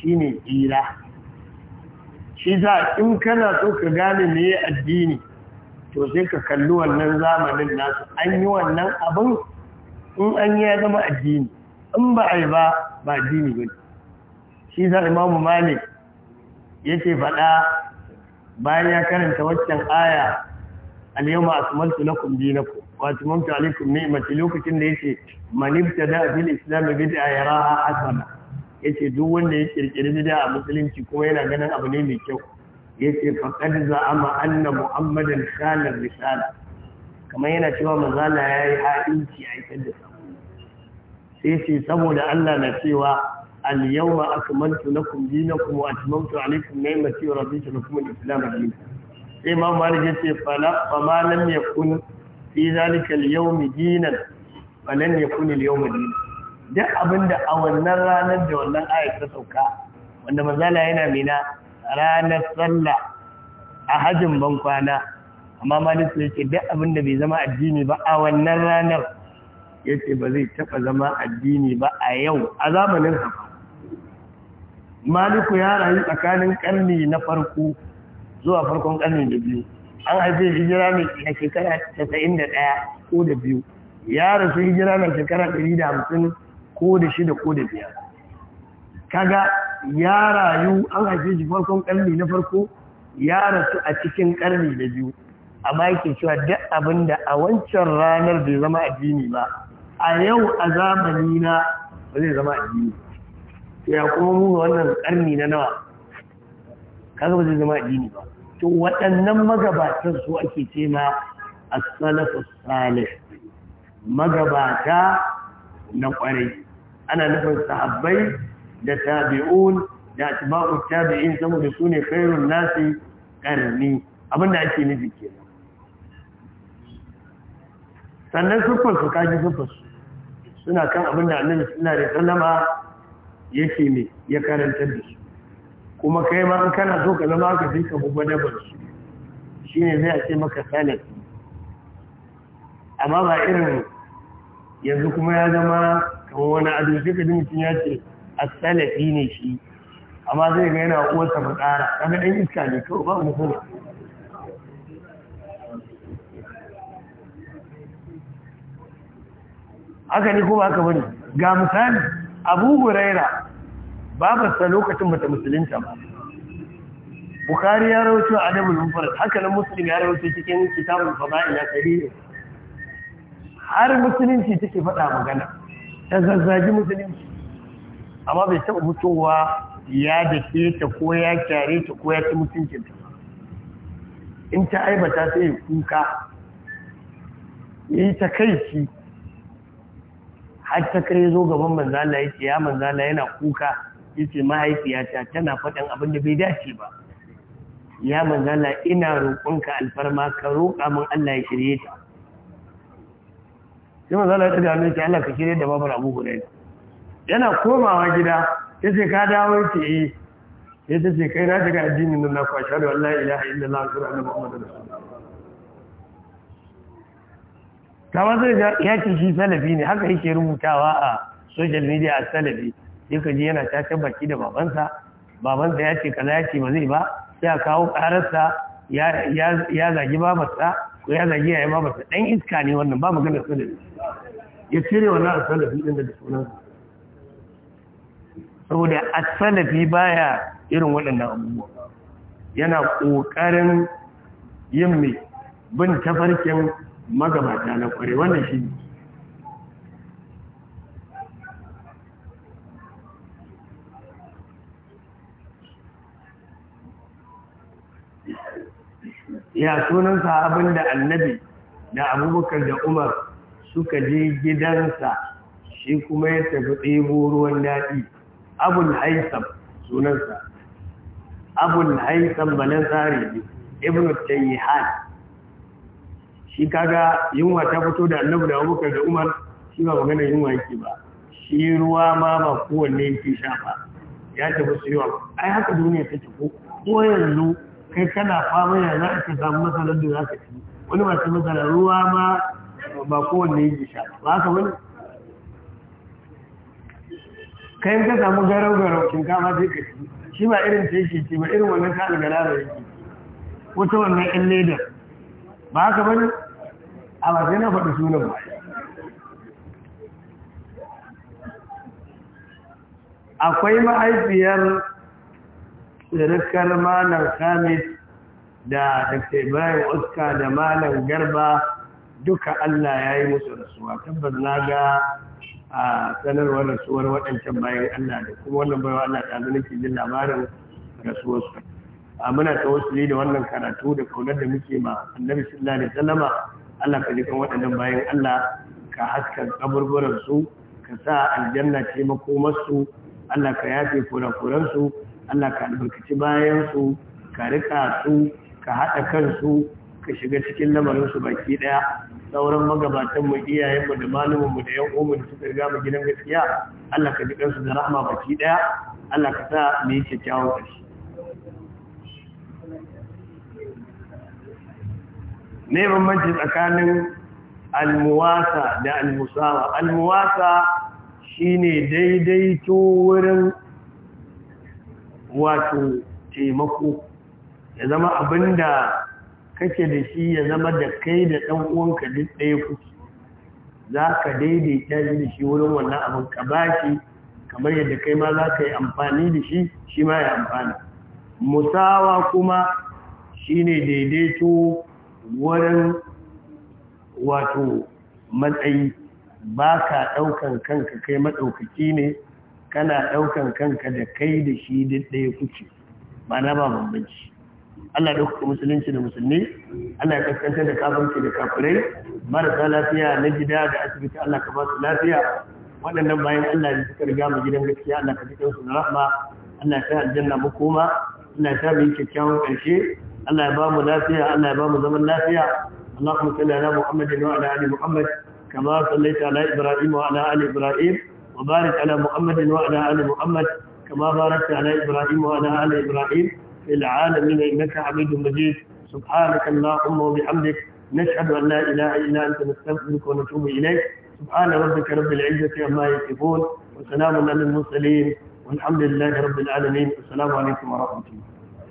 shine jira, shi za in kana so ka gane me addini to sai ka kalli wannan zamanin nasu an yi wannan abin in an yi ya zama addini in ba a yi ba ba addini ba shi za imamu malik yake faɗa bayan ya karanta waccan aya al-yawma akmaltu lakum dinakum wa atmamtu alaykum ni'mati lokacin da yake man ibtada bil islam bid'a yaraha hasana yace duk wanda ya kirkiri bid'a a musulunci kuma yana ganin abu ne mai kyau yace faqad za'ama anna muhammadan khana risala kamar yana cewa manzala yayi ha'inci a isar da sai sai saboda Allah na cewa اليوم أكملت لكم دينكم وأتممت عليكم نعمتي ورضيت لكم الإسلام دينا إمام مالك فلا فما لم يكن في ذلك اليوم دينا فلن يكن اليوم دينا duk abin da a wannan ranar da wannan ayat ta sauka wanda manzala yana mina ranar sallah a hajjin kwana amma malisu sai ce duk abin da bai zama addini ba a wannan ranar ya ce ba zai taɓa zama addini ba a yau a zamanin hafa maliku ya rayu tsakanin karni na farko zuwa farkon karni da biyu an haife hijira mai a shekara 91 ko da biyu ya rasu hijira mai shekara 150 ko da shida ko da biyar kaga ya rayu an haife shi farkon karni na farko ya rasu a cikin karni da biyu amma yake cewa duk abin da a wancan ranar bai zama addini ba a yau a zamani na ba zai zama addini ba ya kuma mu wannan karni na nawa kaga ba zai zama addini ba to waɗannan magabatan su ake ce ma as-salafu salih magabata na kwarai ana nufin sahabbai da tabi'un da atba'u tabi'in saboda su ne khairun nasi karni abinda ake nufi kenan sannan siffar su kaji siffar su suna kan abinda annabi sallallahu alaihi wasallama yake ne ya karanta da su kuma kai ma kana so ka zama haka sai ka da dabar shi ne zai maka salafi amma ba irin yanzu kuma ya zama kamar wani adu sai ka ji mutum ya ce a salafi ne shi amma zai ga yana uwarsa fadara kama ɗan iska ne kawai ba mu sani haka ne kuma ba haka bane ga misali abu huraira babarsa lokacin bata musulunta ba bukari ya rawaito a adabul mufarad haka nan musulun ya rawaito cikin kitabul ina ya sahihi har musulunci take faɗa magana ta zazzaji musulunci amma bai taɓa mutuwa ya da ta koya ya kyare ta ko ya ci mutuncin ta in ta aibata sai ya kuka yi ta kai shi har ta kare zo gaban manzala ya ce ya manzala yana kuka ya ce mahaifiyata tana faɗin abin da bai dace ba ya manzala ina roƙonka alfarma ka roƙa min Allah ya shirye ta sai manzala ya ɗaga hannu ce Allah ka shirye da babar abu hurairah yana komawa gida ya ce ka dawo ya ce eh ya ce kai na shiga addini nan na kwashe da wallahi ilaha illallah sura annabi muhammadu rasulullah kama zai ya ce shi salafi ne haka yake rubutawa a social media a salafi sai ka ji yana tashin baki da babansa babansa ya ce kaza ya ce ba zai ba sai a kawo karasa ya zagi babarsa ko ya zagi yayi babarsa ɗan iska ne wannan ba magana salafi ya cire wannan a salafi ɗin da sunan saboda a salafi baya irin waɗannan abubuwa yana ƙoƙarin yin mai bin tafarkin magabata na kware wannan shi ya sunan abinda annabi da abubakar da umar suka je gidansa shi kuma ya tafi ɗebo ruwan daɗi abul haisam sunansa abul haisam banan tsari ibn tayyihan shi kaga yunwa ta fito da annabu da abubakar da umar shi ba magana yunwa yake ba shi ruwa ma ba kowanne yake sha ba ya tafi su yawa ai haka duniya take ko ko yanzu kai kana fama ya za ka samu masalar da za ka ci wani masu masalar ruwa ma ba kowanne yake sha ba haka wani kayan ka samu garau-garau shinkafa sai ka ci shi ba irin ta yake ci ba irin wannan ta algara da yake wata wannan ɗan ledar ba haka bane a na faɗi sunan ba akwai mahaifiyar tsirrikar malam khamis da dr ibrahim oscar da malam garba duka allah ya yi musu rasuwa tabbas na ga a sanarwar rasuwar waɗancan bayan allah da kuma wannan baiwa allah ta zuni ke jin labarin rasuwarsu a muna tawassuli da wannan karatu da kaunar da muke ma annabi sallallahu alaihi wasallama Allah ka jikan waɗannan bayan Allah ka haska kaburburansu ka sa aljanna ce makomarsu Allah ka yafe kurakuransu Allah ka albarkaci bayansu ka rika su ka haɗa kansu ka shiga cikin lamarinsu baki ɗaya sauran magabatanmu iyayenmu da malumanmu da yan uwanmu da suka riga mu gidan gaskiya Allah ka ji da rahama baki ɗaya Allah ka sa mu yi kyakkyawan ƙarshe ne bambanci tsakanin almuwasa da almusawa almuwasa shine daidaito wurin wato taimako ya zama abinda kake da shi ya zama da kai da ɗan uwanka duk ɗaya kuke za ka daidaita shi da shi wurin wannan abin ka bashi kamar yadda kai ma za ka yi amfani da shi shi ma ya amfani musawa kuma shine daidaito wurin wato matsayi ba ka ɗaukan kanka kai maɗaukaki ne kana ɗaukan kanka da kai da shi duk ɗaya kuce ba na ba bambanci Allah ɗaukaka musulunci da musulmi Allah ya kaskantar da kafanci da kafirai marasa lafiya na gida da asibiti Allah ka ba su lafiya waɗannan bayan Allah ya suka riga mu gidan gaskiya Allah ka ji kansu na rahma Allah ya sa aljanna mu koma Allah ya sa mu yi kyakkyawan ƙarshe أن أبام نافية أن أبام زمن نافية اللهم صل على محمد وعلى آل محمد كما صليت على إبراهيم وعلى آل إبراهيم وبارك على محمد وعلى آل محمد كما باركت على إبراهيم وعلى آل إبراهيم في العالمين إنك حميد مجيد سبحانك اللهم وبحمدك نشهد أن لا إله إلا أنت نستغفرك ونتوب إليك سبحان ربك رب العزة عما يصفون وسلام على المرسلين والحمد لله رب العالمين السلام عليكم ورحمة الله